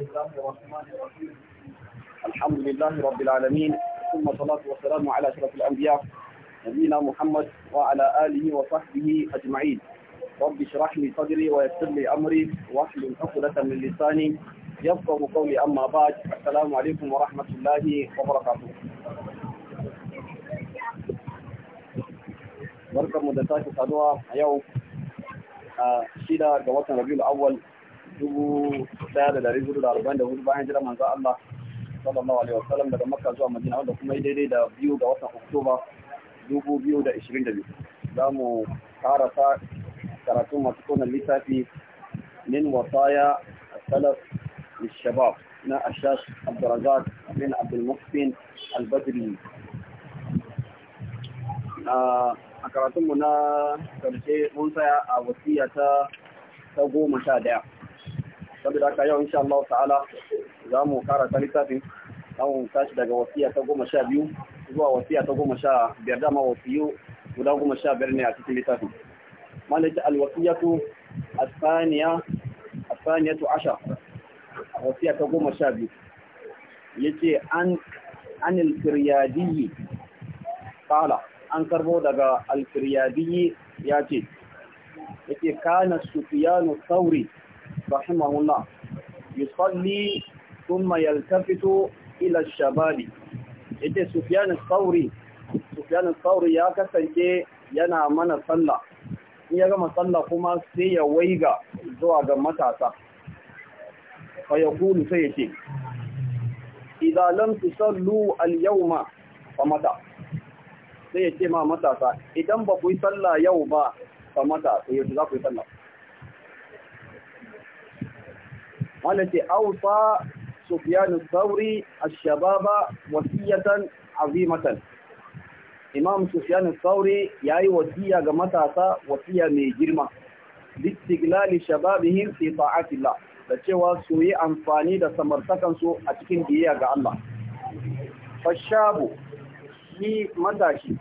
بسم الله الرحمن الرحيم الحمد لله رب العالمين ثم صلاة والسلام على أشرف الأنبياء نبينا محمد وعلى آله وصحبه أجمعين رب اشرح لي صدري ويسر لي أمري واحلل عقدة من لساني يفقه قولي أما بعد السلام عليكم ورحمة الله وبركاته بركة mu da اليوم saduwa a yau الاول dubu daya da dari hudu da arba'in da hudu bayan jira manzo Allah sallallahu alaihi wasallam daga makka zuwa madina wanda kuma yi daidai da biyu ga watan oktoba dubu biyu da ishirin da biyu za mu karasa karatun masu konan lissafi min wasaya salaf shabab na Ashash Abdurazak bin Abdul Muhsin al A karatunmu na karshe mun tsaya a wasiya ta goma sha daya. saboda haka yau insha Allah ta'ala za mu kara ta Za mu tashi daga wasiya ta goma sha biyu zuwa wasiya ta goma sha biyar dama wasiyu guda goma sha biyar ne a cikin littafin malaka alwasiyatu asaniya asaniyatu ashar wasiya ta goma sha biyu Ya ce an anil firyadiyi qala an karbo daga al firyadiyi yace yace kana sufyanu sauri. رحمه الله يصلي ثم يلتفت إلى الشباب إذا سفيان الثوري سفيان الثوري يا كسنجي yana mana sallah in ya gama sallah kuma sai ya waiga zuwa ga matasa fa ya kulu sai ya ce idan lam tusallu al yawma fa mata sai ya ce ma matasa idan ba ku yi sallah yau ba fa mata sai ya za ku yi sallah wanda ce ausa sufyan sauri ash-shababa wasiyatan azimatan imam sufyan sauri yi wasiya ga matasa wasiya mai girma listiglali shababihim fi ta'atillah da cewa su yi amfani da samartakansu a cikin biyayya ga Allah fashabu shi matashi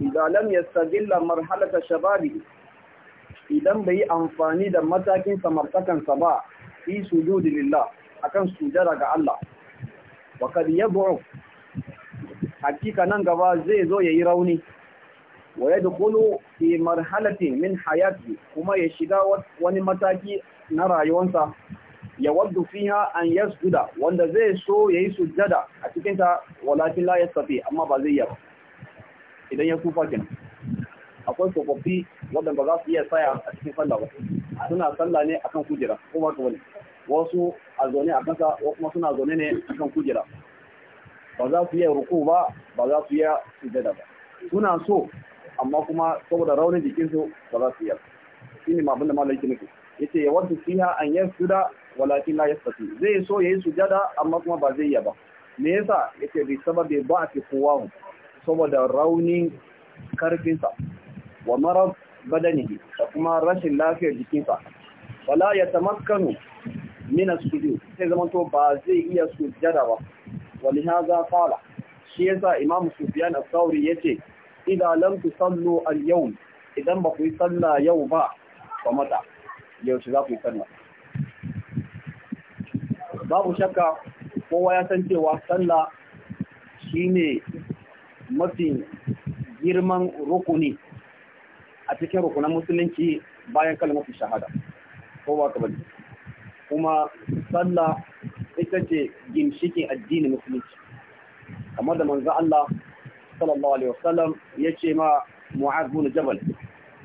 idan lam yastagilla marhalata shababi idan bai yi amfani da matakin samartakansa ba fi sujudi lillah akan sujada ga Allah wa kad hakika nan gaba zai zo yayi rauni wa yadkhulu fi marhalatin min hayati kuma ya shiga wani mataki na rayuwarsa ya waddu fiha an yasjuda wanda zai so yayi sujada a cikin ta walakin la yastati amma ba zai yi idan ya kufa kenan akwai tsofaffi wadanda ba za su iya tsaya a cikin sallah ba suna sallah ne akan kujera ko ba wani wasu a zaune a kasa ko kuma suna zaune ne akan kujera ba za su yi ruku ba ba za su yi sujada ba suna so amma kuma saboda raunin jikin su ba za su yi shi ne mabin da malaki nufi yace ya wadda fiha an yasjuda walakin la yastati zai so yayi sujada amma kuma ba zai yi ba me yasa yace bi sababi ba'ti kowa saboda raunin karfinsa wa marad badanihi da kuma rashin lafiyar jikinsa wala ya tamakkanu min as-sujud sai zaman to ba zai iya sujjada ba walihaza fala shi yasa imamu sufyan as-sauri yace idan lam tusallu al-yawm idan ba ku yi sallah yau ba ba mata yau shi za ku yi babu shakka kowa ya san cewa sallah shine mafi girman rukuni a cikin rukunan musulunci bayan kalmar shahada ko ba ka bane kuma sallah ita ce ginshikin addinin musulunci kamar da manzo Allah sallallahu alaihi wasallam yace ma Mu'adh bin Jabal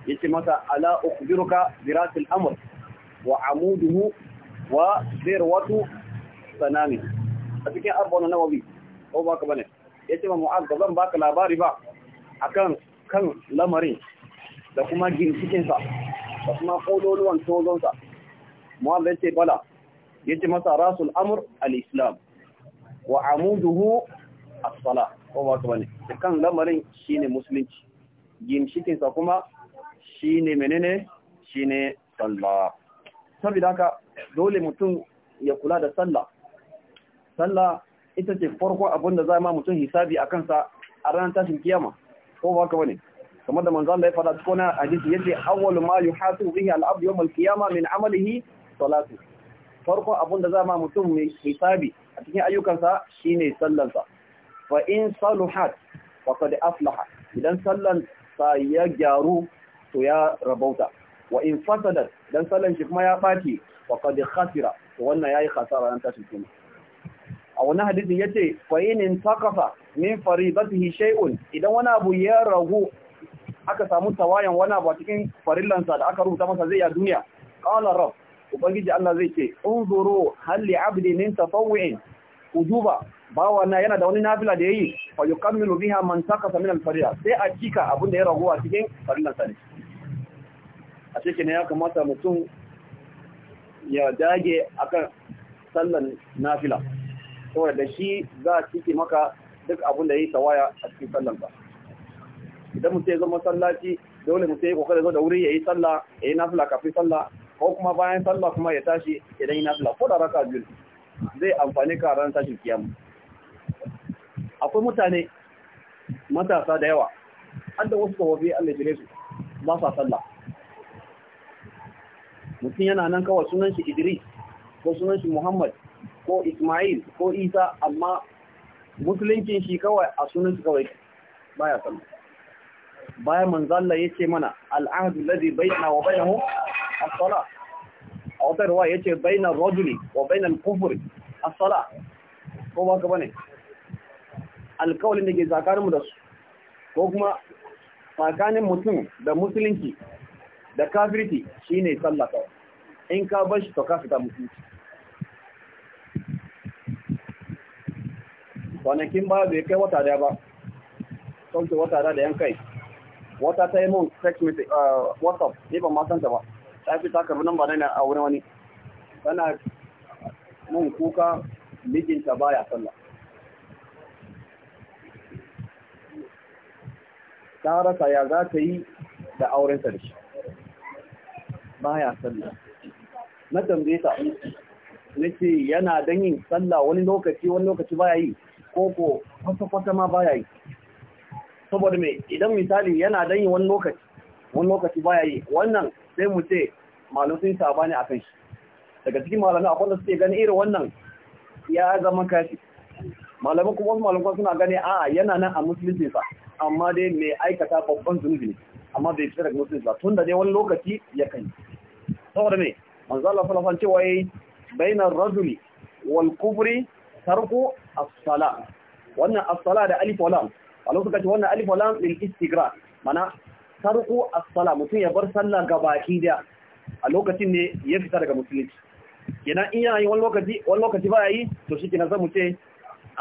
yace mata, ala ukhbiruka bi rasil amr wa amuduhu wa dirwatu sanami a cikin arba'un nawawi ko ba ka bane yace ma Mu'adh ba zan baka labari ba akan kan lamarin da kuma ginshikinsa da kuma kololuwan tozonsa muhammad sai bala ya ce masa rasul amur al-islam wa amuduhu as-sala ko ba kuma ne kan lamarin shine musulunci ginshikinsa kuma shine menene shine sallah saboda haka dole mutum ya kula da sallah sallah ita ce farko abin da za ma mutum hisabi a kansa a ranar tashin kiyama ko ba ka wani kamar da manzo Allah ya faɗa cikin hadisi yace awwalu ma yuhasu bihi al-abdu yawm al-qiyama min amalihi salatu farko abun da za ma mutum mai hisabi a cikin ayyukansa shine sallansa fa in saluhat faqad aflaha idan sallan sa ya gyaru to ya rabauta wa in fasadat dan sallan shi kuma ya baci faqad khasira to wannan yayi khasara nan tashin kuma a wannan hadisin yace fa in intaqafa min faridatihi shay'un idan wani abu ya ragu aka samu tawayan wani abu cikin farillansa da aka rubuta masa zai a duniya qala rabb ubangiji Allah zai ce unzuru zoro halli abdi min tatawwu'in ujuba bawa na yana da wani nafila da yi, fa yukammilu biya man saka samin al sai a cika da ya a cikin farillansa ne a cikin ya kamata mutum ya dage akan sallan nafila saboda da shi za a cike maka duk abin da ya yi tawaya a cikin sallan ba idan mutum ya zo masallaci dole mutum ya kokarin zo da wuri ya yi sallah ya yi nafila kafin sallah ko kuma bayan sallah kuma ya tashi idan yi nafila ko da raka biyu zai amfani ka ran tashin kiyama akwai mutane matasa da yawa an da wasu tsofaffi Allah jire su ba sa sallah mutum yana nan kawai sunan shi Idris ko sunan shi Muhammad ko Ismail ko Isa amma musulunci shi kawai a sunan shi kawai baya sallah bayan manzalla ya ce mana al'ahdu bai na wa bainahu as-salah a wata ruwa bai na rajuli wa bai kufri as asala, ko ba ka bane Alkawalin da ke tsakanin da su ko kuma tsakanin mutum da musulunci da kafirti shine sallah tsallaka in ka bar shi to ka fita musulunci kwanakin ba bai kai wata daya ba sauke wata da yan kai wata ta yi mun text message uh, whatsapp ne ban ma san ta ba ta fi ta karbi namba na a wurin wani tana mun kuka mijinta baya sallah ta rasa ya za ta yi da aurenta da shi baya sallah na tambaye ta nace yana dan yin sallah wani lokaci wani lokaci baya yi ko ko kwata-kwata ma baya yi saboda me idan misali yana dan yi wani lokaci wani lokaci baya yi wannan sai mu ce malamai sun a akan shi daga cikin na akwai da suke gani irin wannan ya zama kashi Malamin kuma wasu malamai suna gani a yana nan a musulunci sa amma dai mai aikata babban zunubi ne amma bai fita daga musulunci ba tun da dai wani lokaci ya kan saboda me manzo Allah sallallahu alaihi cewa yayi bainar rajuli wal kubri, tarku as-sala wannan as-sala da alif wa lam malam suka wannan alif lam lil istigra mana tarku as-sala mutum ya bar sallah gabaki da a lokacin ne ya fita daga musulunci kenan in yana yi wani lokaci wani lokaci ba yi to shi kenan zan mu ce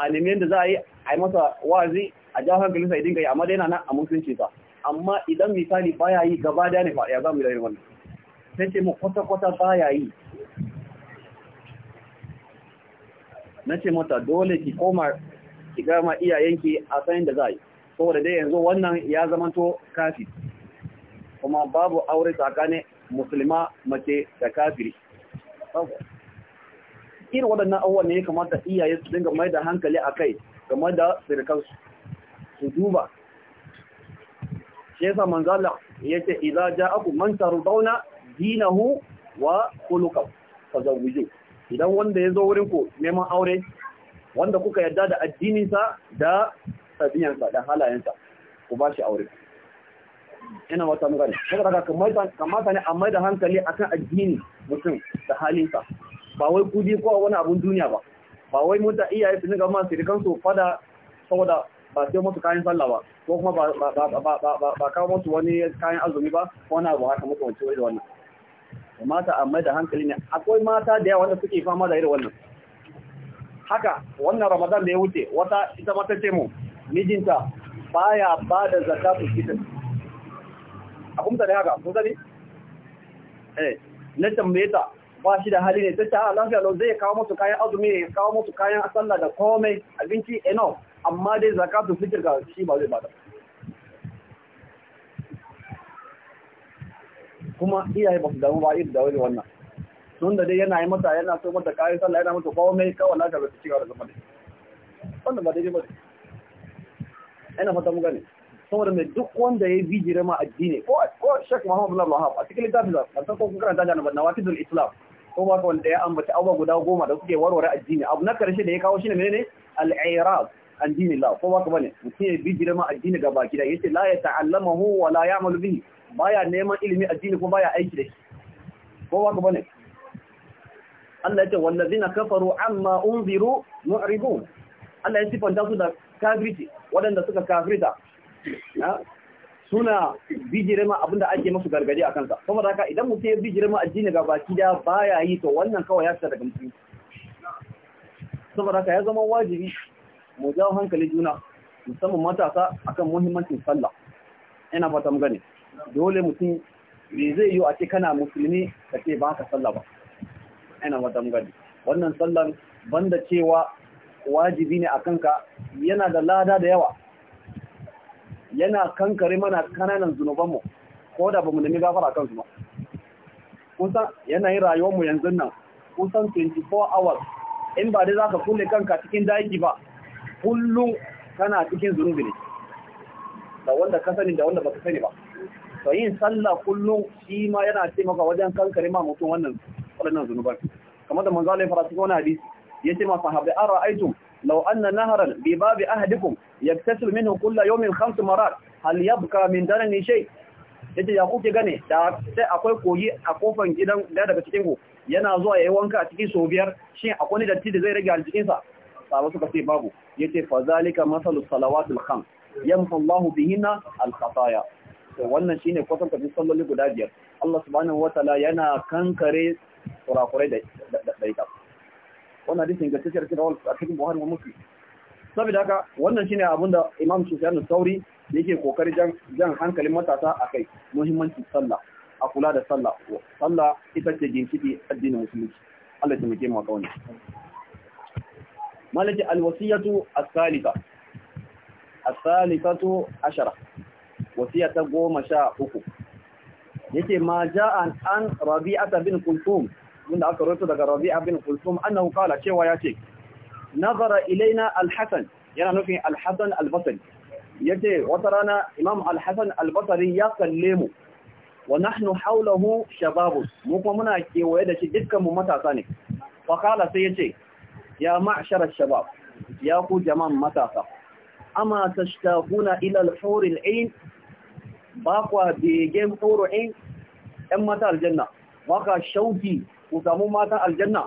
a nemi yadda za a yi a yi masa wazi a jawo hankali ya dinga yi amma dai yana nan a musulunci sa amma idan misali ba ya yi gaba da ne ya za mu yi wannan sai ce mu kwata kwata ba ya yi na ce mata dole ki koma ki ma iyayenki a sanin da za a yi saboda dai yanzu wannan ya zamanto kafi kuma babu aure tsakanin musulma mace da kafiri irin waɗannan abubuwan ne ya kamata iyaye su dinga mai da hankali a kai game da sirkansu su duba shi yasa manzala ya ce idza ja'akum man tarbauna dinahu wa khuluquhu fazawwiju idan wanda ya zo wurin ku neman aure wanda kuka yarda da addininsa da tabiyansa da halayensa ku ba shi aure ina wata magana saboda haka kamata ne a mai da hankali akan addini mutum da halinsa ba wai kudi ko wani abun duniya ba ba wai mun da iyaye su niga ma sirikan su fada saboda ba sai musu kayan sallah ba ko kuma ba ba kawo musu wani kayan azumi ba ko wani abu haka musu wancan wai wannan mata a mai da hankali ne akwai mata da yawa wanda suke fama da irin wannan haka wannan ramadan da ya wuce wata ita mata ce mu mijinta baya ba da zakatu fitr a kuma ne haka kun sani eh na tambaye ta ba shi da hali ne ta ta ah, lafiya lo zai kawo musu kayan azumi ya kawo musu kayan sallah da komai abinci eno amma dai zakatu fitir ga shi ba zai bada kuma iyaye ba su damu ba irin da wani wannan tun da dai yana yi mata yana so mata kayan sallah yana mata kawo mai kawai naka bai ci gaba da zama dai wannan ba daidai ba ne ina fata mu gani saboda mai duk wanda ya yi jira ma addini ko ko Sheikh Muhammad bin Abdul a cikin littafin da an ko kun karanta da na Nawaqidul Islam ko ba da ya ambaci abubuwa guda goma da suke warware addini abu na karshe da ya kawo ne menene ne irab an dini la ko ba ka bane mutum ya yi jira ma addini ga baki da yace la ya ta'allamahu wa la ya'malu bihi baya neman ilimi addini kuma baya aiki da shi ko ba ka bane Allah ya ce wallazina kafaru amma unziru mu'ribun Allah ya sifanta su da kafirci waɗanda suka kafirta suna bijire ma abinda ake musu gargadi a kansa kuma da haka idan mutum ya bijire ma addini ga baki da baya yi to wannan kawai ya fita daga mutum saboda haka ya zama wajibi mu jawo hankali juna musamman matasa akan muhimmancin sallah ina fata mu gane dole mutum me zai yi a ce kana musulmi ka ce ba ka sallah ba ina wata gani wannan sallan banda cewa wajibi ne a kanka yana da lada da yawa yana kankare mana kananan zunubanmu ko da ba mu nemi gafara kansu ba kusan yanayin rayuwarmu yanzu nan kusan 24 hours in ba dai za ka kulle kanka cikin daiki ba kullum kana cikin zunubi ne da wanda ka sani da wanda ba ka sani ba to yin sallah kullum shi ma yana taimaka wajen kankare ma mutum wannan waɗannan zunuban kamar da manzo Allah ya fara cikin wani hadisi yace ma sahabbai an ra'aytum law anna naharan bi babi ahadikum yaktasil minhu kullu yawmin khams marar, hal yabqa min darani shay yace ya kuke gane da sai akwai koyi a kofan gidan da daga cikin ku yana zuwa yayi wanka a cikin so biyar shin akwai datti da zai rage aljikin sa sahabbai suka ce babu yace fa zalika masalus salawatul khams yamhu Allahu bihinna al khataya wannan shine kwatankwacin salloli guda biyar Allah subhanahu wataala yana kankare kurakurai da ita wannan hadisin ingantacciyar cikin a cikin buhari wa muslim saboda haka wannan shine abin da imam sufyan sauri yake kokari jan hankalin matasa a kai. muhimmancin sallah a kula da sallah sallah ita ce ginshiki addinin musulunci Allah ya taimake mu a kawai malaki alwasiyatu as-salisa salisatu ashara wasiyata goma sha uku yake ma ja'an an rabi'ata bin kulthum wanda aka rawaito daga rabi'a bin kulthum annahu qala cewa yace nazara ilaina al-hasan yana nufin al-hasan al-basri yace wata rana imam al-hasan al-basri ya kalle mu wa nahnu hawlahu shababu mu kuma muna kewaye da shi dukkan mu matasa ne fa qala sai yace ya ma'shar ash-shabab ya ku jama'an matasa amma tashtaquna ila al-hur al-ain ba kwa begen tsoro'in 'yan mata aljanna ba ka shauki ku samu mata aljanna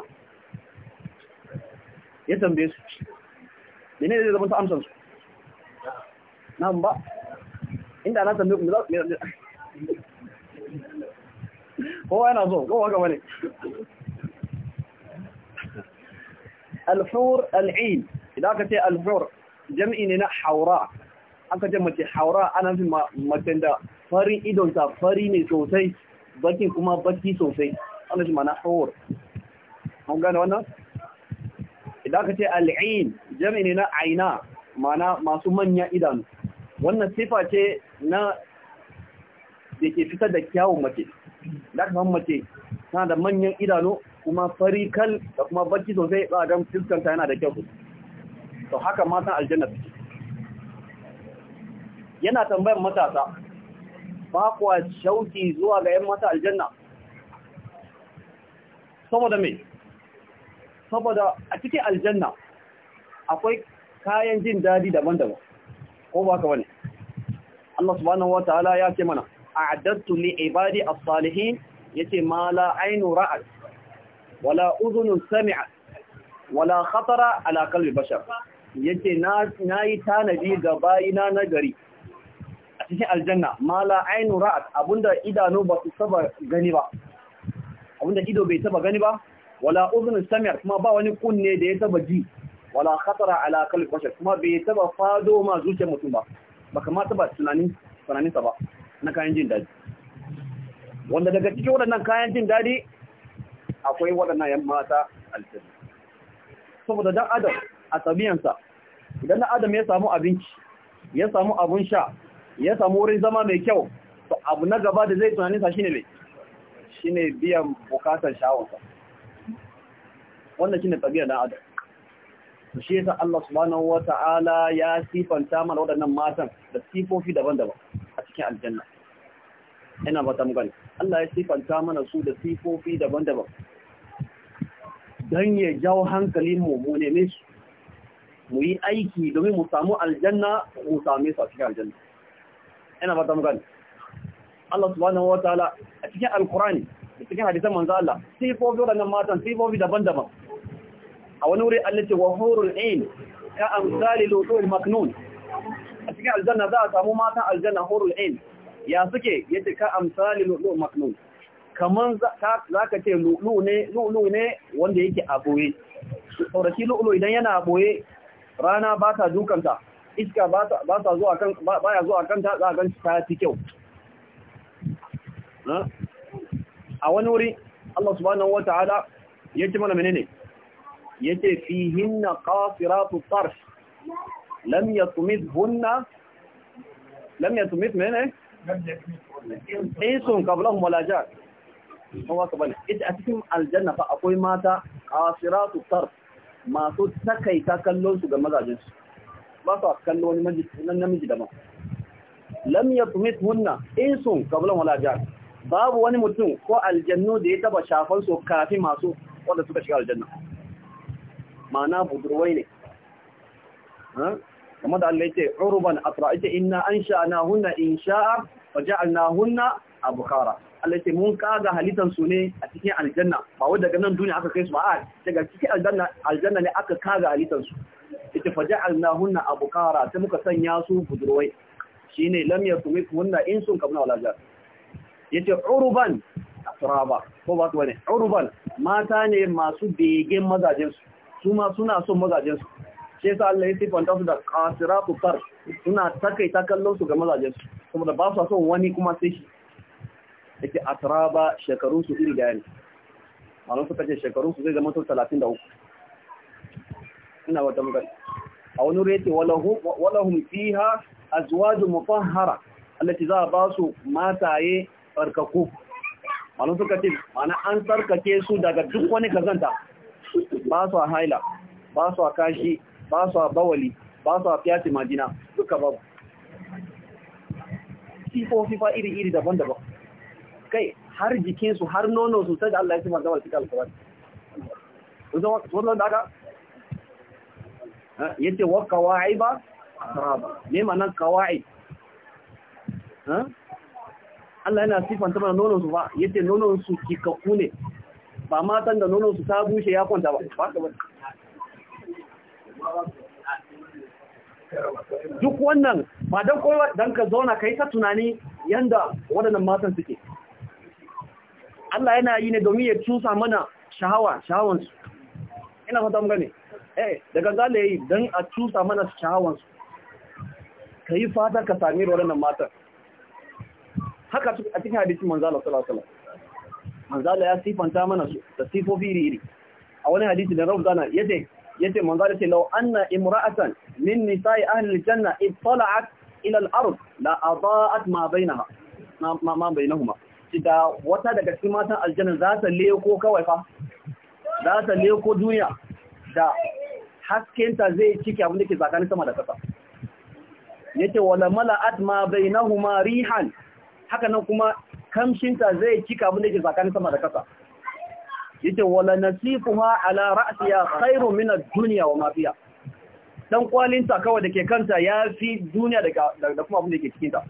ya tambaye su da ne zai zama ta amsansu nan ba inda na tambaye ku za kowa yana zo kowa gaba ne alfur al'in idan ka ce alfur jam'i ne na haura aka ce mace haura ana fi macen da farin idonta fari ne sosai baki kuma baki sosai ana shi mana haur an gane wannan idan aka ce al'in jami ne na aina mana masu manya idanu wannan sifa ce na da ke fitar da kyawun mace da aka mace tana da manyan idanu kuma fari kal da kuma baki sosai ba a gan fuskanta yana da kyau to haka matan aljanna suke yana tambayar matasa ba kuwa shauki zuwa ga ‘yan mata aljanna saboda mai saboda a cikin aljanna akwai kayan jin daɗi daban-daban ko ba ka wani Allah subhanahu wa ta'ala ya ce mana a'adattu li ibadi a salihin yace ma la ainu wala uzunin sami'at wala khatara ala qalbi bashar yace na yi tanadi ga bayina nagari cikin aljanna mala ainu ra'at abunda idanu ba su saba gani ba abunda ido bai saba gani ba wala uzun samiyar kuma ba wani kunne da ya saba ji wala khatara ala kalbi bashar kuma bai saba fado ma zuciyar mutum ba ba kamata ba tunani tunaninsa ba na kayan jin daɗi wanda daga cikin waɗannan kayan jin daɗi akwai waɗannan yan mata aljanna saboda dan adam a tabiyansa idan dan adam ya samu abinci ya samu abun sha ya samu wurin zama mai kyau to abu na gaba da zai tunanin sa shine mai shine biyan bukatar shawarsa wannan shine tabiya dan adam to shi yasa Allah subhanahu wata'ala ya sifanta mana waɗannan matan da sifofi daban-daban a cikin aljanna ina ba ta mugani Allah ya sifanta mana su da sifofi daban-daban don ya jawo hankalin mu mu neme su mu yi aiki domin mu samu aljanna mu same su a cikin aljanna ina fata muka Allah subhanahu wa ta'ala a cikin alkurani da cikin hadisan manzo Allah sifofi wadannan matan sifofi daban-daban a wani wuri Allah ce wa hurul ain ka amsali lutul maknun a cikin aljanna za a samu matan aljanna hurul ain ya suke yace ka amsali lutul maknun kaman za ka ce lulu ne lulu ne wanda yake a boye sauraki lulu idan yana a boye rana ba ta dukanta iska ba ta zuwa kan ba ya zuwa kan ta za a kan ta fi kyau a wani wuri Allah subhanahu wataala yake mana menene Ya yace fihinna qasiratu tarf lam yatmithunna lam yatmith menene insun kablon wala jar kuma ka bane ita a cikin aljanna fa akwai mata qasiratu tarf masu takaita kallon su ga mazajinsu ba su kallon wani namiji ma. lam yatmit hunna sun kabulan wala jar. babu wani mutum ko aljannu da ya taba shafan su kafin masu wanda suka shiga aljanna ma'ana budurwai ne kamar da Allah yake urban wajen inna na hunna a Bukhara. Allah ce mun kaga halitan su ne a cikin aljanna ba wanda daga nan duniya aka kai su ba a daga cikin aljanna aljanna ne aka kaga halitan su ita faja'alnahunna abukara ta muka sanya su budurwai shine lam yakumkunna insun kabna wala jar yace uruban atraba ko ba wani uruban mata ne masu begen mazajen su su ma suna son mazajen su sai sa Allah ya sifanta su da qasiratu kar suna takaita kallon su ga mazajen su kuma da ba su son wani kuma sai shi da ke atraba shekarun su iri daya ne malon suka ce shekarun su zai zama sau talatin da uku ina wata muka a wani rete walahun fiha azwaju mutahhara allaci za a ba su mataye farkaku malon suka ce mana an sarkake su daga duk wani kazanta ba su a haila ba su a kashi ba su a bawali ba su a fiyati madina duka babu sifofi fa iri-iri daban-daban kai har jikinsu har nono su sai da Allah ya sifar da wasu cikin Zo zo da aka eh, yace wa kawai ba ne manan kawai eh? Allah yana ta mana nono su ba yace nono su ka kune. ba matan da nono su ta bushe ya kwanta ba ba duk wannan ba dan kowa dan ka zauna ka yi ta tunani yanda waɗannan matan suke Allah yana yi ne domin ya cusa mana shahawa shahawansu ina fata mun gane eh daga gale yi don a cusa mana shahawansu ka yi fata ka sami waɗannan matan haka a cikin hadisi manzala salasala. manzala ya sifanta mana su da sifofi iri a wani hadisi da rauta na yace yace manzala ce law anna imra'atan min nisa'i ahli aljanna ittala'at ila al-ard la ma bainaha ma bainahuma Da wata daga cikin matan aljanna za ta leko kawai fa za ta leko duniya da haskenta zai cike abin da ke zakanin sama da kasa yace wala mala'at ma bainahuma rihan haka nan kuma kamshinta zai cika abin da ke zakanin sama da kasa yace wala nasifuha ala ra'siha khairun min ad-dunya wa ma fiha dan kwalinta kawai dake kanta yafi duniya daga da kuma abin da ke cikin ta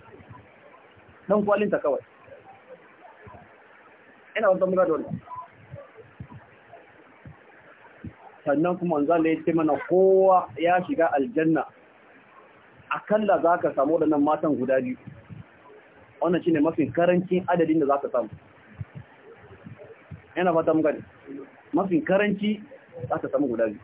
dan kwalinta kawai ina wata da gado sannan kuma manzo da ya ce mana kowa ya shiga aljanna za zaka samu nan matan guda biyu wannan shine mafi karancin adadin da za ka samu ina fata mun gani mafi karanci za ka samu guda biyu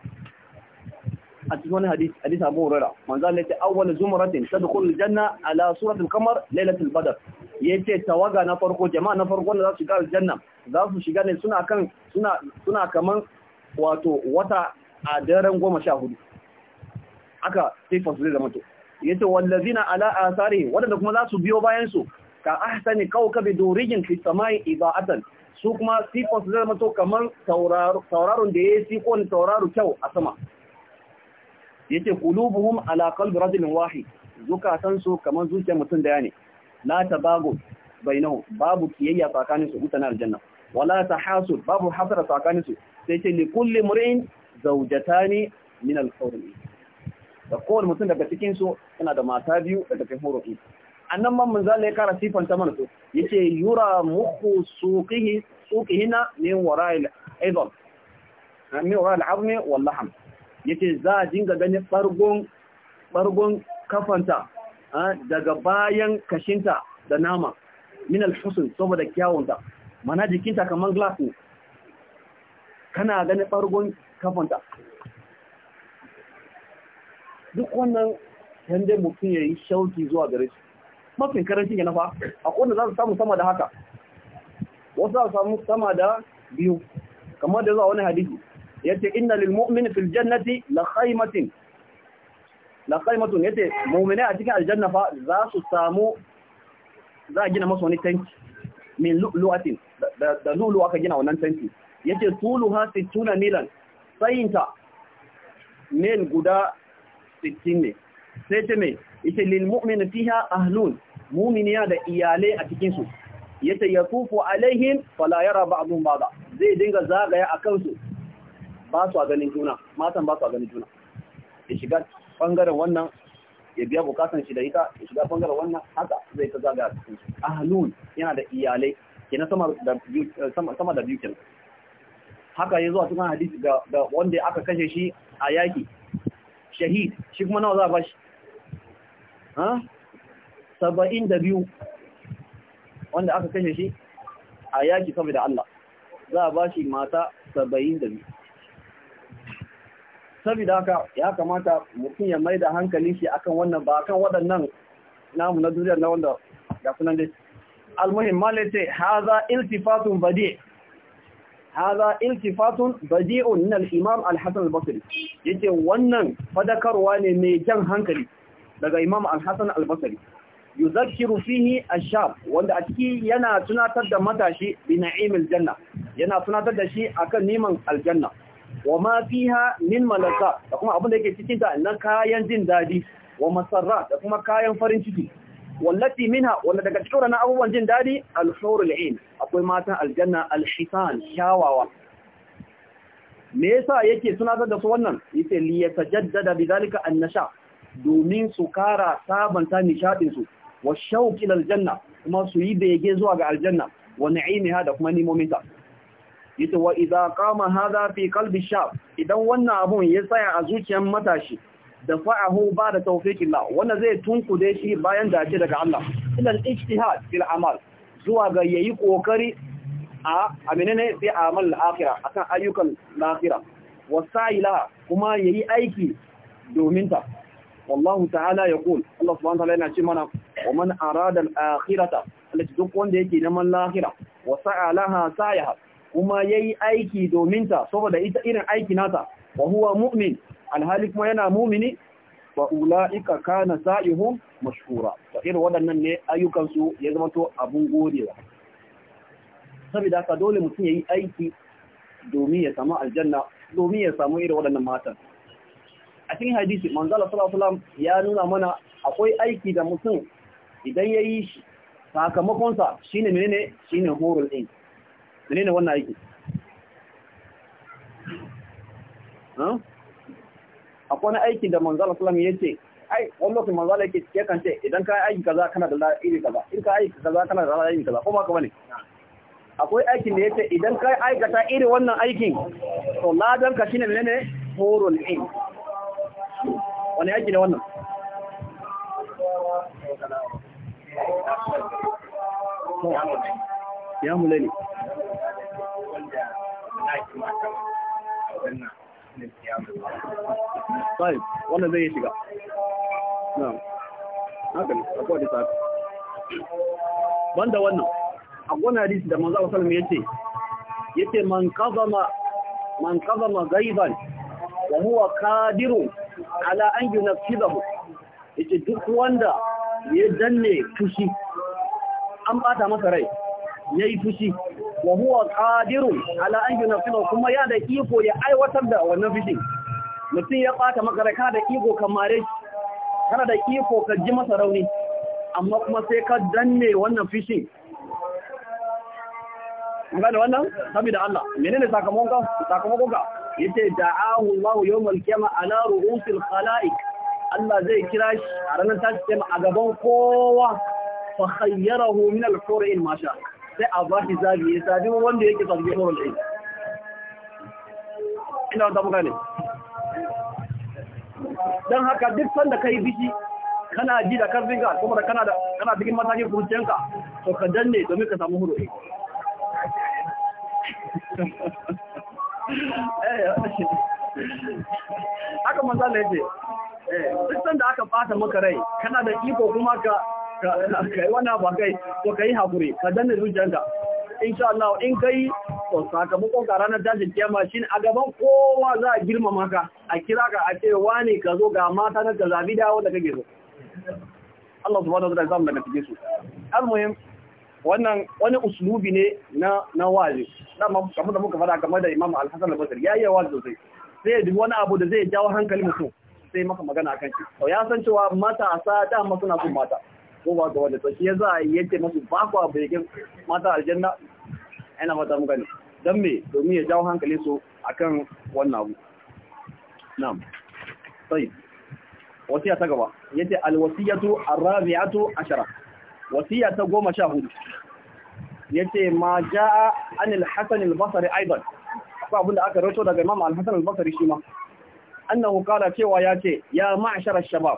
a cikin wani hadisi hadisi Abu Hurairah manzo Allah ya ce awwal zumratin tadkhulul janna ala suratul qamar lailatul badr yace tawaga na farko jama'a na farko wanda za su shiga aljanna za su shiga ne suna kan suna suna kaman wato wata a daren goma sha hudu aka sifa su zai zama to yace wallazina ala asari wadanda kuma za su biyo bayan su ka ahsani kawkabi durijin fi samai ida'atan su kuma sifan su zama to kamar tauraron da ya yi siko ne tauraro kyau a sama yake kulubuhum ala qalbi rajulin wahid zukatan su kamar zuciyar mutum daya ne la tabago bainahu babu kiyayya tsakanin su mutana aljanna wala tahasud babu hasara tsakanin su sai ce li kulli mur'in zawjatani min al da kowane mutum daga cikin su yana da mata biyu daga cikin hurri annan man mun ya kara sifan ta mana su yace yura muhu suqihi suqihina min wara'il aidan min wara'il azmi wal lahm ce za a dinga ganin ɓargon kafanta daga bayan kashinta da nama min alfusun saboda kyawunta mana jikinta kamar glass ne kana ganin ɓargon kafanta duk wannan yadda mutum ya yi shauki zuwa gare su mafin karanci ya nafa a kowanne za su samu sama da haka wasu za su samu sama da biyu kamar da zuwa wani hadisi yace inna lil mu'mini fil jannati la khaymatin la khaymatun yace mu'mini a cikin aljanna fa za su samu za a gina masa wani tanki min lu'lu'atin da lulu aka gina wannan tanki yace tuluha 60 milan sayinta mil guda 60 ne sai ta mai ita lil mu'mini fiha ahlun mu'miniya da iyalai a cikin su yace yatufu alaihim fala yara ba'dhum ba'da zai dinga zagaya akan su ba su a ganin juna matan ba su a ganin juna ya shiga bangaren wannan ya biya bukatan shi da ita ya shiga bangaren wannan haka zai ta zaga cikin ahlun yana da iyalai kenan sama da sama da biyu haka ya zuwa cikin hadisi ga wanda aka kashe shi a yaki shahid shi kuma nawa za a bashi ha saba'in da biyu wanda aka kashe shi a yaki saboda Allah za a bashi mata saba'in da biyu saboda haka ya kamata mutum ya mai da hankali shi akan wannan ba kan waɗannan namu na duniya na wanda ga sunan dai almuhim malate haza iltifatun badi haza iltifatun badi'un min al-imam al-hasan al-basri yace wannan fadakarwa ne mai jan hankali daga imam al-hasan al-basri yuzakkiru fihi ash wanda a ciki yana tunatar da matashi bi na'imil janna yana tunatar da shi akan neman aljanna wa ma fiha min malaka da kuma abin da yake cikin ta na kayan jin daɗi wa masarra da kuma kayan farin ciki wallati minha wanda daga cikin wannan abubuwan jin daɗi al-hur akwai matan aljanna al-hisan kyawawa me yasa yake suna da su wannan yace li yatajaddada bidhalika an-nasha domin su kara sabanta nishadin su wa shauqi al-janna kuma su yi bege zuwa ga aljanna wa na'imiha da kuma nimominta yace wa idan kama hadha fi kalbi shab idan wannan abun ya tsaya a zuciyar matashi da fa'ahu ba da tawfiqillah wannan zai tunkude shi bayan dace daga Allah ila al-ijtihad fil amal zuwa ga yayi kokari a aminene fi amal al-akhirah akan ayyukan al-akhirah wasaila kuma yayi aiki domin ta wallahu ta'ala yaqul Allah subhanahu wa ta'ala yana ce mana wa man arada al-akhirata alladhi duk wanda yake neman al-akhirah wasa'alaha sayaha kuma yayi aiki domin ta saboda ita irin aiki nata wa huwa mu'min alhali kuma yana mu'mini wa ula'ika kana sa'ihum mashura. ta irin waɗannan ne ayyukansu ya zama to abun godewa saboda ka dole mutum ya yi aiki domin ya samu aljanna domin ya samu irin waɗannan matan a cikin hadisi manzala sallallahu ya nuna mana akwai aiki da mutum idan ya yi shi sakamakonsa shine menene shine horul din menene wannan aiki akwai wani aiki da manzala sallam ya ce ai wani lokacin manzala yake ya kan ce idan ka aiki kaza kana da iri kaza in ka aiki kaza kana da iri kaza ko ma ka bane akwai aikin da ya ce idan ka aikata iri wannan aikin to ladan ka shine menene horon in wani aiki ne wannan ya mulani طيب wannan zai shiga na haka ne akwai da safi banda wannan a akwai hadisi da manzo sallallahu alaihi wasallam yace man qazama man qazama ghaiban wa huwa qadirun ala an yunfidahu yace duk wanda ya danne fushi an bata masa rai yayi fushi wa huwa qadirun ala an yunfiru kuma ya da iko ya aiwatar da wannan fishin mutum ya ɓata makaraka da iko kamare shi kana da iko ka ji masa rauni amma kuma sai ka danne wannan fishin gane wannan saboda Allah menene sakamakon sakamakon ka yace da'ahu Allahu yawmal qiyama ala ru'usil khalaiq Allah zai kira shi a ranar tashi a gaban kowa fa khayyarahu min al-qur'an masha Allah sai a ba hisabi ya sabi wanda yake sabbi ko wanda yake ina wata muka ne don haka duk sanda ka yi bishi kana ji da karfinka kuma da kana da kana cikin matakin kurciyanka to ka danne domin ka samu hudu eh, haka manzo ne ce eh, duk sanda aka fata maka rai kana da iko kuma ka ka yi wannan ba kai to ka yi haƙuri ka danna zuciyanka insha Allah in kai to sakamakon ka ranar tashin kiyama shine a gaban kowa za a girmama ka a kira ka a ce wani ka zo ga mata na zabi da wanda kake so Allah subhanahu wa ta'ala zamu da fice su almuhim wannan wani uslubi ne na na wazi dama kamar da muka fara kamar da Imam Al-Hasan Al-Basri yayi wazi sosai sai ya wani abu da zai jawo hankalin mutum sai maka magana akan shi to ya san cewa matasa dama suna son mata ko ba ga wanda to shi yasa yake muku ba ku abin mata aljanna ina mata muka ne dan me domin ya jawo hankali su akan wannan abu na sai wasiya ta gaba Ya ce alwasiyatu arabiatu ashara wasiya ta goma sha hudu Ya ce ma jaa anil hasan al-basri aidan ko abinda aka rawaito daga imam al-hasan al-basri shi ma annahu qala cewa ya ce ya ma'shar shabab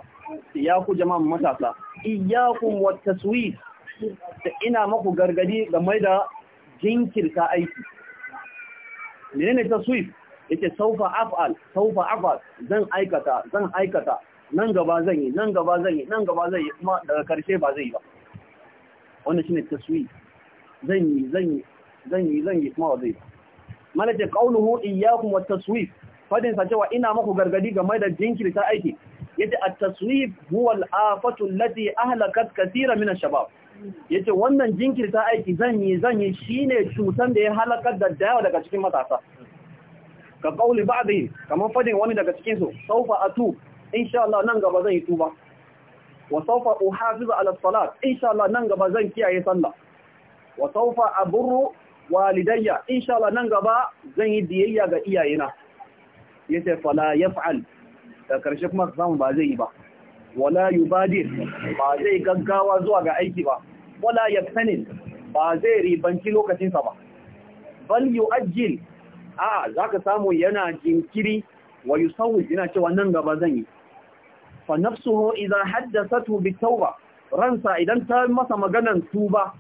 ya ku jama'an matasa iyakum wat taswif da ina maku gargadi game da jinkirta aiki menene taswif yake saufa af'al saufa af'al zan aikata zan aikata nan gaba zan yi nan gaba zan yi nan gaba zan yi kuma daga karshe ba zai yi ba wannan shine taswif zan yi zan yi zan yi zan yi kuma ba zai yi malaka qauluhu iyyakum wat taswif fadin sa cewa ina maku gargadi game da jinkirta aiki yace at-taswif huwa al-afatu allati ahlakat kathira min ash-shabab yace wannan jinkirta aiki zan yi zan yi shine cutan da ya halakar da dawa daga cikin matasa ka kauli ba'dhi kamar fadin wani daga cikin su saufa atu insha Allah nan gaba zan yi tuba wa saufa uhafizu ala salat insha Allah nan gaba zan kiyaye sallah wa a aburu walidayya insha Allah nan gaba zan yi biyayya ga iyayena yace fala yaf'al da karshe kuma ka samu ba zai yi ba wala yubadir ba zai gaggawa zuwa ga aiki ba wala yaktanin ba zai ribanci lokacinsa ba bal yu'ajjil a zaka samu yana jinkiri wa yusawwil yana cewa nan gaba zan yi fa nafsuhu idza haddathatu bitawba ransa idan ta masa maganan tuba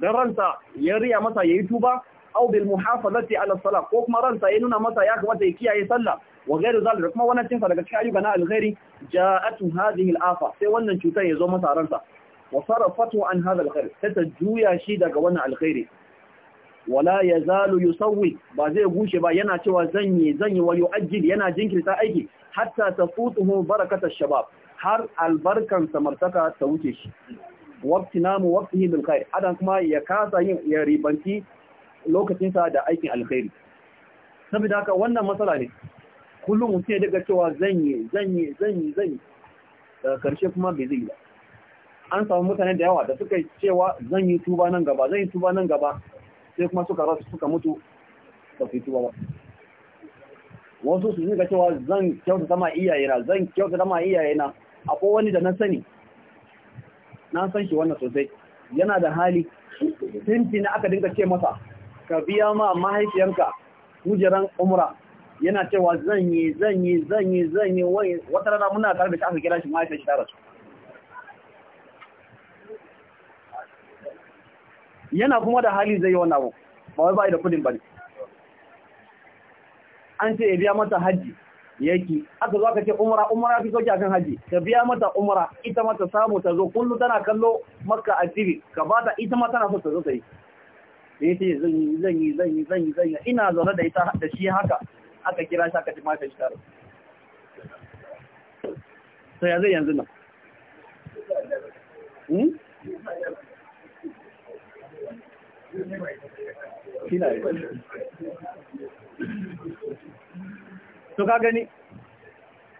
dan ransa ya riya masa yayi tuba aw bil muhafazati ala salat ko kuma ransa ya nuna masa ya kamata ya kiyaye sallah wa gairu zalir kuma wannan cinsa daga cikin ayyuka na alkhairi ja'atu hadhihi al'afa sai wannan cutar ya zo masa a ransa wa an hadha alkhair sai ta juya shi daga wannan alkhairi wala yazalu yusawwi ba zai gushe ba yana cewa zanyi zanyi wa yu'ajjil yana jinkirta aiki hatta tafutuhu barakata shabab har albarkan samartaka ta wuce shi waqti namu waqtihi bil khair kuma ya kasa yin ya lokacin lokacinsa da aikin alkhairi saboda haka wannan matsala ne kullum mutum daga cewa zan yi zan yi zan yi daga karshe kuma bai zai ba an samu mutane da yawa da suka cewa zan yi tuba nan gaba zan yi tuba nan gaba sai kuma suka rasu suka mutu ba su yi tuba ba wasu su suka cewa zan kyauta sama iyayena zan kyauta sama iyayena akwai wani da na sani na san shi wannan sosai yana da hali tinti na aka dinga ce masa ka biya ma mahaifiyanka kujeran umra yana cewa zan yi zan yi zan yi zan yi wata rana muna tare da shi aka kira shi mahaifin shi tara su yana kuma da hali zai yi wani abu ba wai ba da kudin bane an ce ya biya mata hajji yaki aka zo aka ce umara umara fi soke akan hajji. ka biya mata umara ita mata samu ta zo kullu tana kallo maka a tv ka ta ita mata na so ta zo ta yi ne ce zan yi zan yi zan yi zan yi ina zaune da ita da shi haka aka kira shi aka ci shi tare ya zai yanzu nan hmm? to ka gani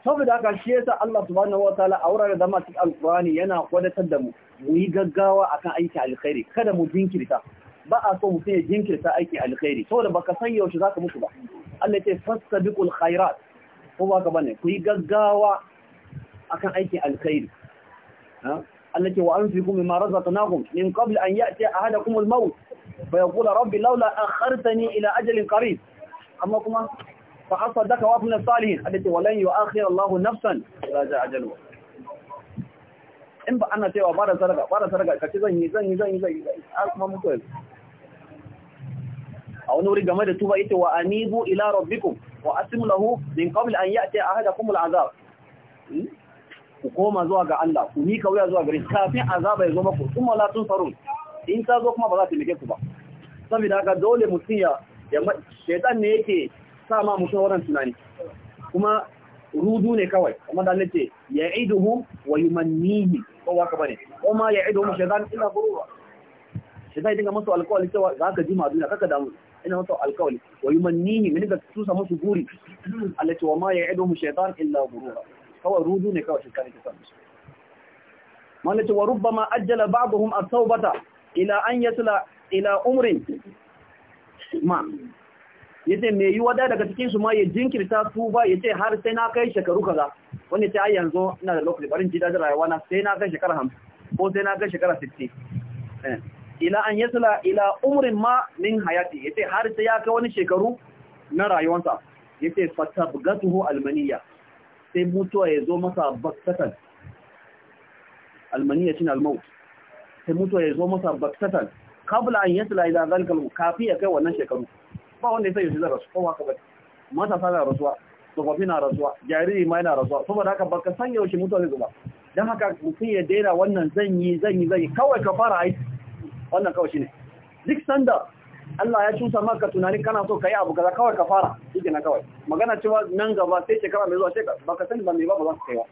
saboda haka shi yasa Allah subhanahu Ta'ala, a wuraren da cikin alqurani yana kwadatar da mu mu yi gaggawa akan aiki alkhairi kada mu jinkirta ba a so mu ya jinkirta aiki alkhairi saboda baka san yaushe zaka mutu ba Allah ya ce fastabiqul khairat ko ba ka ku yi gaggawa akan aikin alkhairi Allah ce wa anfiqu mimma razaqnakum min qabl an ya'ti ahadakum al-maut fa kula rabbi laula akhartani ila ajalin qarib amma kuma fa asaddaka wa min na salihin Allah ce walan yu'akhir Allahu nafsan la ta'jalu in ba ana cewa ba da sadaka ba da sadaka kace zan yi zan yi zan yi zan yi a wani wuri game da tuba ita wa anibu ila rabbikum wa aslimu lahu min qabl an ya'ti ahadakum al'azab hmm? ku koma zuwa ga Allah ku mika wuya zuwa gare kafin azab ya zo maku kuma la tun farun in ka zo kuma ba za ta mike ku ba saboda ga dole mutum ya shaytan ne yake sa ma mutum wannan tunani kuma rudu ne kawai kuma da nace ya'iduhum wa yumannihi ko waka bane kuma ya'iduhum shaytan illa gurura shaitan dinga musu alƙawari cewa za ka ji ma duniya kaka damu ina masa alkawali wa yumannihi min da su samu su guri Allah ce wa ma ya'iduhum shaitan illa gurura. kawai rudu ne kawai shirka ne ta samu mallaka ce wa rubbama ajjala ba'dhum at-taubata ila an yasla ila umrin ma yace me yi wada daga cikin su ma ya jinkirta su ba yace har sai na kai shekaru kaza Wani ta yanzu ina da lokaci barin ji da rayuwa na sai na kai shekara 50 ko sai na kai shekara 60 ila an yasla ila umrin ma min hayati yace har sai ya kai wani shekaru na rayuwarsa yace fatabgatuhu almaniya sai mutuwa ya zo masa baktatan almaniya shine almaut sai mutuwa ya zo masa baktatan kabla an yasla ila zalikal kafi ya kai wannan shekaru ba wanda ya sai yaushe zai rasu kowa ka bari matasa na rasuwa tsofaffi na rasuwa jariri ma yana rasuwa saboda haka baka san yaushe mutuwa zai zo ba don haka mutum ya daina wannan zan yi zan yi zan yi kawai ka fara aiki wannan kawai shine duk sanda Allah ya cusa maka tunani kana so kai abu kaza kawai ka fara shi na kawai magana cewa nan gaba sai shekara mai zuwa sai baka sani ba mai ba ba za ka kai ba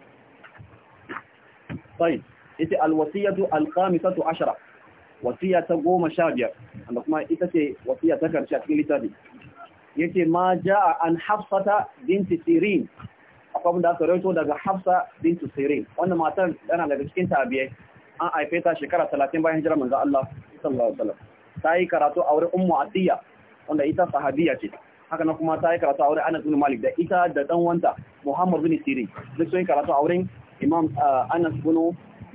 sai ita alwasiyatu alqamisatu ashara wasiya ta goma sha biyar amma kuma ita ce wasiya ta karshe a cikin littafi yace ma jaa an hafsata binti sirin akwai abin da aka rawaito daga hafsa binti sirin wannan matan tana daga cikin tabiyai an haife ta shekara 30 bayan hijira manzo Allah sallallahu alaihi wasallam ta yi karatu a wurin ummu atiya wanda ita sahabiya ce haka nan kuma ta yi karatu a wurin Anas bin Malik da ita da dan wanta Muhammad bin Sirin duk sun karatu a wurin Imam ah, Anas bin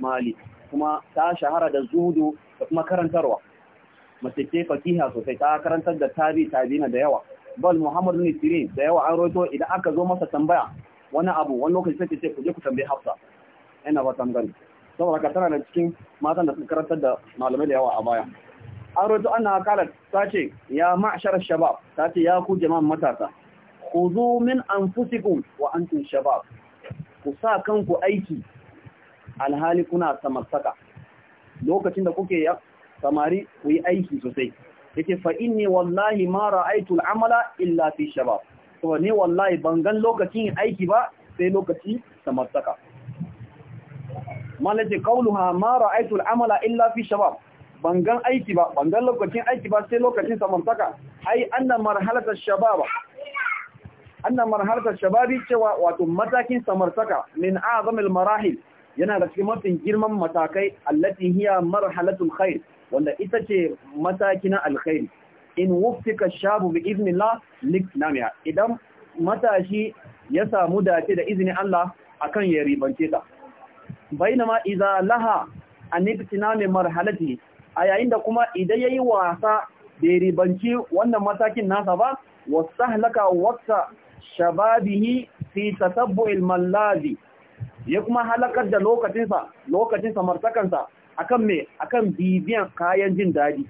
Malik kuma ta shahara da zuhudu da kuma karantarwa mace ce fakiha sosai ta karantar da tabi tabina da yawa bal Muhammad bin Sirin da yawa an roto idan aka zo masa tambaya wani abu wani lokaci sai ce ku je ku tambaye Hafsa ina ba tambaye saboda ka tana da cikin matan da suka karantar da malamai da yawa a baya an rotu an na ta ce ya ma'ashar shabab ta ce ya ku jama'an matasa ku zo min an wa an tun shabab ku sa kanku aiki alhali kuna samartaka lokacin da kuke ya samari ku yi aiki sosai yake fa inni wallahi ma ra'aytu al'amala illa fi shabab to ne wallahi ban gan lokacin aiki ba sai lokaci samartaka malaje qauluha ma ra'aytu amala illa fi shabab bangan aiki ba bangan lokacin aiki ba sai lokacin samantaka ai anna marhalata shababa anna marhalata shababi cewa wato matakin samartaka min azamil marahil yana da cikin mafi girman matakai allati hiya marhalatul khair wanda ita ce mataki na alkhairi in wuftika shabu bi iznillah liknamiya idan matashi ya samu dace da izinin Allah akan ya ribance ta bainama idza laha an min marhalati a yayin da kuma idan yayi wasa da ribanci wannan matakin nasa ba wata waqta shababihi fi tatabbu'il mallazi ya kuma halakar da lokacinsa lokacin samartakansa akan me akan bibiyan kayan jin dadi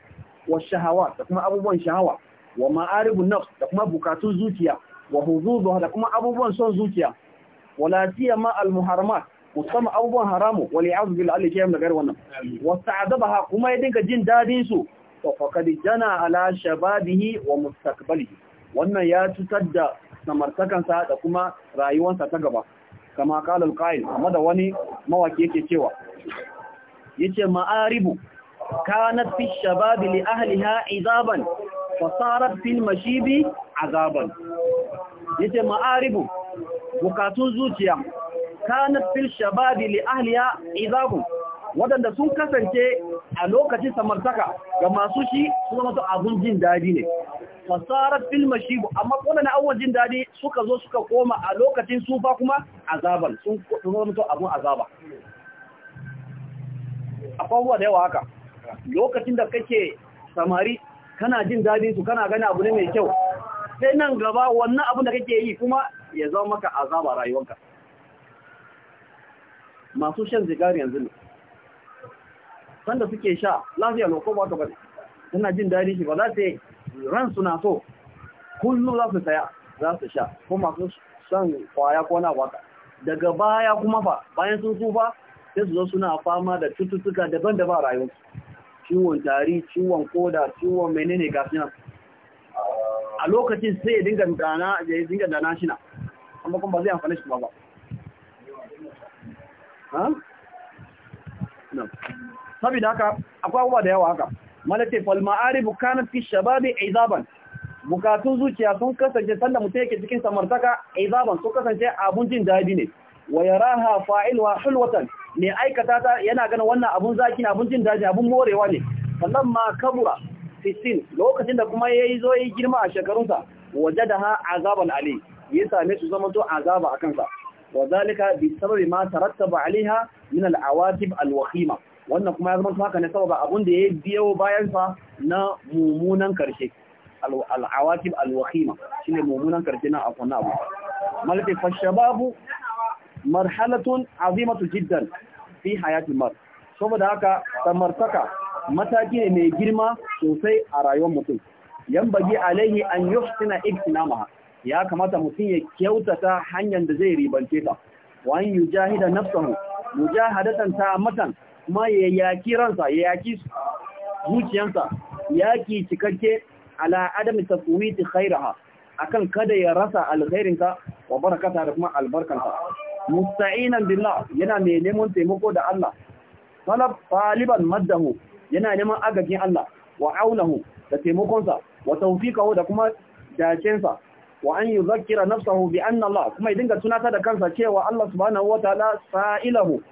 wa shahawa da kuma abubuwan shahawa wa ma'aribu nafs da kuma bukatun zuciya wa huzuzu da kuma abubuwan son zuciya wala siyama al muharramat musamman abubuwan haramu wani ya zubi Allah ke magana wannan wasu azabaha kuma ya dinka jin dadin su to faqad jana ala shababihi wa mustaqbalihi wannan ya cutar da samartakansa da kuma rayuwarsa ta gaba kama kalar qail amma da wani mawaki yake cewa yace ma'aribu kanat fi shababi li ahliha izaban fasarat fil mashibi azaban yace ma'aribu bukatun zuciya kanat fil shababi li ahliya izabun wadanda sun kasance a lokacin samartaka ga masu shi sun zama abun jin dadi ne fasarat fil mashibu amma na awon jin dadi suka zo suka koma a lokacin sufa kuma azaban sun zama abun azaba akwai huwa da yawa haka lokacin da kake samari kana jin daɗinsu, su kana gani abu ne mai kyau sai nan gaba wannan abun da kake yi kuma ya zama maka azaba rayuwarka masu shan zigari yanzu ne sanda suke sha lafiya ko ba ta bane suna jin daɗi shi ba za ta yi ran suna so kullum za su saya za su sha ko masu shan kwaya ko na waka daga baya kuma fa bayan sun tsufa sai su zo suna fama da cututtuka daban-daban rayuwarsu ciwon tari ciwon koda ciwon menene ga nan a lokacin sai ya dinga dana ya dinga dana shi na amma kuma ba zai amfani shi ba ba saboda haka akwai abubuwa da yawa haka malate fal ma'aribu kanat fi shababi izaban bukatun zuciya sun kasance sanda mutum yake cikin samartaka izaban sun kasance abun jin daɗi ne wa yaraha fa'ilwa hulwatan mai aikata ta yana gana wannan abun zaki na abun jin daɗi abun morewa ne sannan ma kabura 15 lokacin da kuma yayi zo yi girma a shekarunsa ha azaban ali ya same su zama to azaba a kansa وذلك بسبب ما ترتب عليها من العواقب الوخيمه wannan kuma ya zama haka ne saboda abun da ya biyo bayan sa na mummunan karshe al-awaqib al-wakhima shine mumunan karshe na akwai abu malati fa shababu marhalatun azimatu jiddan fi hayati mar saboda haka samartaka mataki ne mai girma sosai a rayuwar mutum yan bagi alaihi an yufsina iktinamaha ya kamata mutum ya kyautata hanyar da zai ribance ta wani yujahida nafsahu mujahadatan ta matan kuma ya yaki ransa ya yaki zuciyansa yaki cikakke ala adami tafwiti khairaha akan kada ya rasa alkhairinka wa barakata da kuma albarkarsa. musta'inan billah yana mai neman taimako da Allah talab taliban maddahu yana neman agajin Allah wa aunahu da taimakonsa wa tawfiqahu da kuma dacensa wa an yuzakkira nafsahu bi anna Allah kuma ya dinga tunata da kansa cewa Allah subhanahu wataala sa'ilahu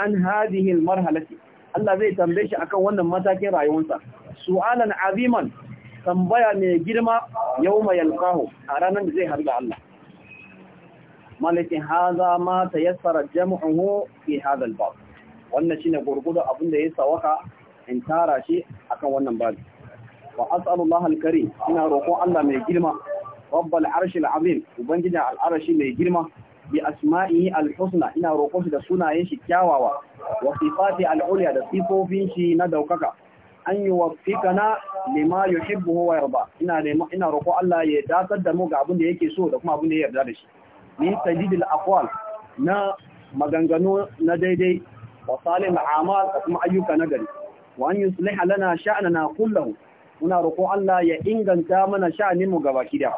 an hadhihi almarhalati Allah zai tambaye shi akan wannan matakin rayuwarsa su'alan aziman tambaya mai girma yawma yalqahu a ranar da zai harga Allah malakin haza ma tayassara jam'uhu fi hadha albab wannan shine gurgudu abin da ya sawaka in tara shi akan wannan babu wa as'alullahi alkarim ina roƙon Allah mai girma rabbal arshil azim ubangijin al'arashi mai girma bi asma'i alhusna ina roƙon shi da sunayen shi kyawawa wa sifati al da sifofin shi na daukaka an yi wafikana lima yuhibbu wa yarda ina nema ina roƙo Allah ya datar da mu ga abin da yake so da kuma abin da ya yarda da shi min tajdidil aqwal na maganganu na daidai wa salil a'mal da kuma ayyuka na gari wa an yusliha lana sha'nana kullahu muna roƙon Allah ya inganta mana sha'anin mu gaba kida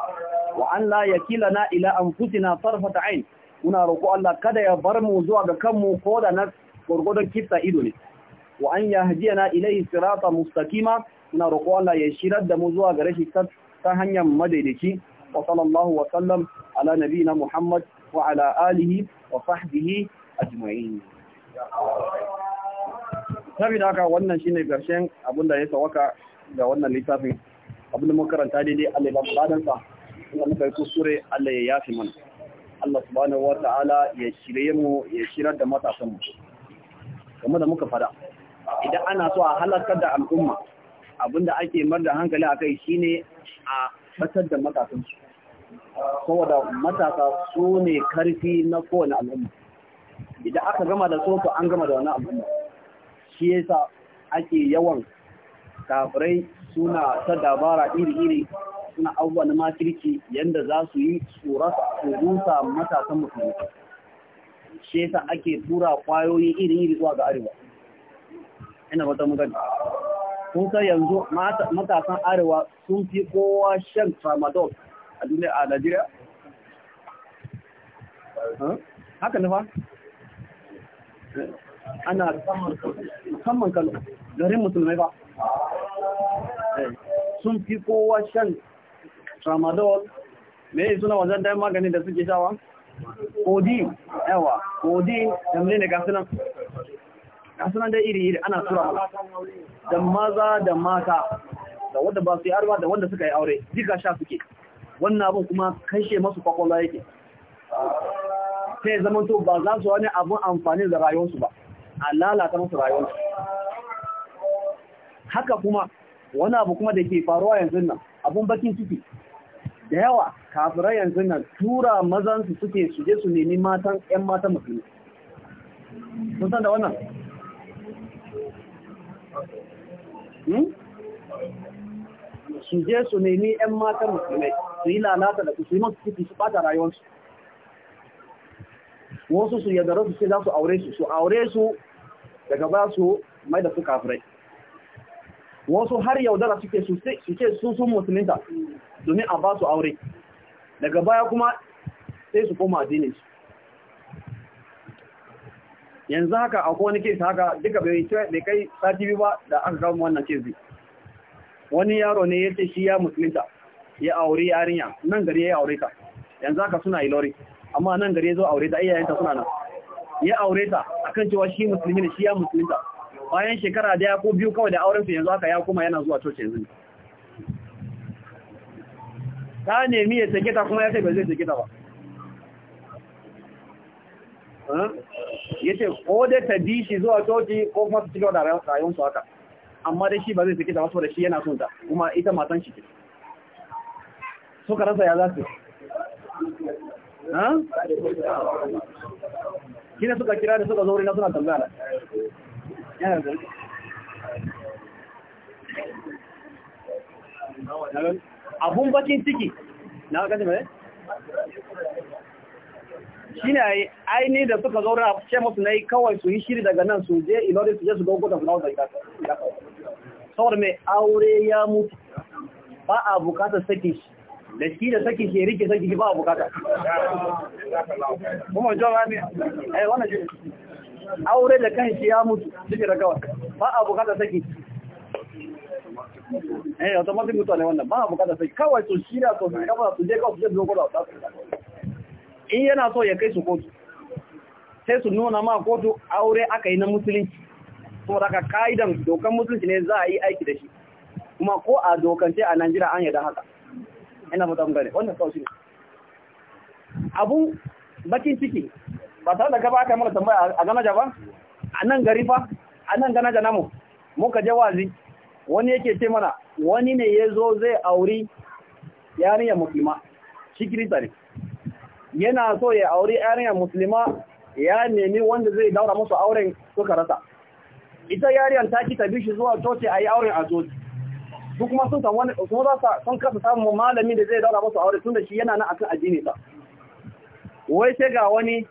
wa Allah ya na ila anfusina tarfata ain muna roƙon Allah kada ya bar mu zuwa ga kanmu ko da na gurgudun kitsa ido ne wa an yahdiyana ilayhi sirata mustaqima muna roƙon Allah ya shirar da mu zuwa ga rashi ta hanyar madaidaici wa sallallahu wa sallam ala nabiyina Muhammad wa ala alihi wa sahbihi ajma'in saboda haka wannan shine garshen abinda ya sawaka da wannan littafin abin da makaranta daidai Allah ba mu ladansa kuma muka yi kuskure Allah ya yafi mana Allah subhanahu wa ta'ala ya shirye mu ya shirar da matasan mu kuma da muka fada idan ana so a halakar da al'umma abinda ake mar da hankali a kai shine a batar da matasan su saboda matasa su ne karfi na kowane al'umma idan aka gama da so an gama da wani al'umma shi yasa ake yawan kafirai suna ta dabara iri-iri suna abubuwa na makirki yadda za su yi su rusa matasan musulmi shi yasa ake tura kwayoyi iri-iri zuwa ga arewa ina wata magana kun sai yanzu matasan arewa sun fi kowa shan tramadol a duniya a najeriya haka nufa ana musamman kano garin musulmai ba sun fi kowa shan tramadol me suna wajen dayan magani da suke shawa codeine yawa codeine da ne gasunan gasunan da iri-iri ana tura da maza da mata da wanda ba su yi arba da wanda suka yi aure duka sha suke wannan abin kuma kashe masu kwakwalwa yake sai zamanto ba za su wani abin amfani da rayuwarsu ba a lalata masu rayuwarsu haka kuma wani abu kuma da ke faruwa yanzu nan abun bakin ciki da yawa kafirai yanzu nan tura mazansu suke su je su nemi matan yan mata musulmi sun san da wannan hmm? su je su nemi 'yan mata musulmai su yi lalata da su yi masu ciki su ɓata rayuwarsu wasu su yadda su ce za su aure su su aure su daga ba su mai da su kafirai wasu har yaudara suke su ce su sun musulunta domin a ba su aure daga baya kuma sai su koma addinin su yanzu haka akwai wani kesi haka duka bai kai sati biyu ba da aka kawo wannan kesi wani yaro ne ya ce shi ya musulunta ya aure yarinya nan gari ya aure ta yanzu haka suna ilori amma nan gari ya zo aure ta iyayenta suna nan ya aure ta akan cewa shi musulmi ne shi ya musulunta bayan shekara da ya ko biyu kawai da auren su yanzu haka ya kuma yana zuwa coci yanzu ta nemi ya sake ta kuma ya ce ba zai sake ta ba ya ce ko dai ta bi shi zuwa coci ko kuma su ci gaba da rayuwarsu haka amma dai shi ba zai sake ta wasu da shi yana sunta kuma ita matan shi ce suka rasa ya za su kina suka kira da suka zo na suna tambaya abun bakin ciki na wakasi mai shi ne aini da suka zaura a ce masu na yi kawai su yi shiri daga nan su je ilori su je su dogo da fulawar da ita saboda mai aure ya mutu ba a bukata saki shi da shi da saki shi rike saki shi ba a bukata ne eh wannan aure da kan shi ya mutu cikin da kawai ba a bukata saki eh automatic mutu ne wannan ba a bukata saki kawai to shi da to su kafa su je kawai su je dogo da wata in yana so ya kai su kotu sai su nuna ma kotu aure aka yi na musulunci to daga ka'idan dokan musulunci ne za a yi aiki da shi kuma ko a dokance a Najeriya an yarda haka ina fata mun gane wannan kawai shi ne abu bakin ciki ba tare da ka ba ka mana tambaya a ganaja ba a nan gari fa a nan ganaja mu, ka je wazi wani yake ce mana wani ne ya zo zai auri yarinyar musulma shi kirista ne yana so ya auri yarinyar musulma ya nemi wanda zai daura musu auren suka rasa ita yariyar ta ki tabi shi zuwa coci a yi auren a coci su kuma sun san wani kuma za su kasa samun malami da zai daura musu aure tun da shi yana nan akan addini sa wai sai ga wani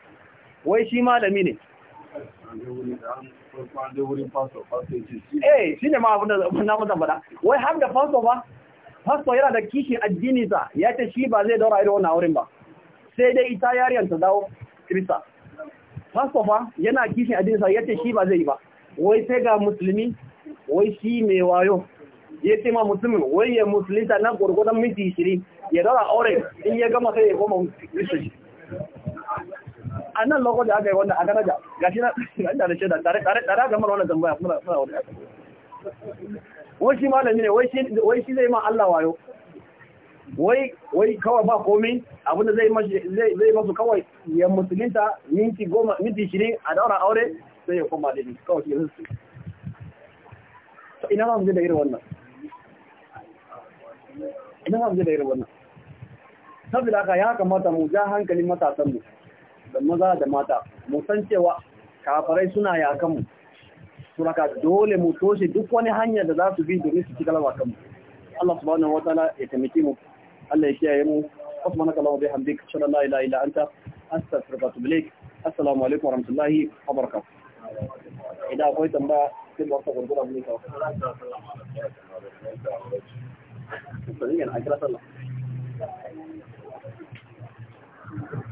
wai shi malami ne eh shi ne ma abin da na mutan faɗa wai har da fasto ba fasto yana da kishin addini sa ya ce shi ba zai daura ido na auren ba sai dai ita yariyar ta dawo krista fasto ba yana kishin addini sa ya ce shi ba zai yi ba wai sai ga musulmi wai shi mai wayo ya ce ma musulmi wai ya musulunta na gurgudan minti 20 ya daura auren in ya gama sai ya koma musulmi? a nan lokacin da aka yi wannan a Canada gashi na inda da shaida tare tare tare ga mara wannan tambaya muna muna wani wai shi malami ne wai shi zai ma Allah wayo wai wai kawai ba komai abin da zai zai masu kawai ya musulunta minti goma minti ne a daura aure sai ya koma da ni kawai shi zai ina ma mu da irin wannan ina ma mu da irin wannan saboda haka ya kamata mu ja hankalin matasan mu da maza da mata mu san cewa kafarai suna yakan mu suraka dole mu toshe duk wani hanya da za su bi domin su ci galaba kanmu Allah subhanahu wataala ya taimake mu Allah ya kiyaye mu subhanak allahumma bihamdika ashhadu an la ilaha illa anta astaghfiruka wa atubu assalamu alaikum wa rahmatullahi wa barakatuh idan akwai tambaya sai ba ta gurgura mu ne kawai Thank you.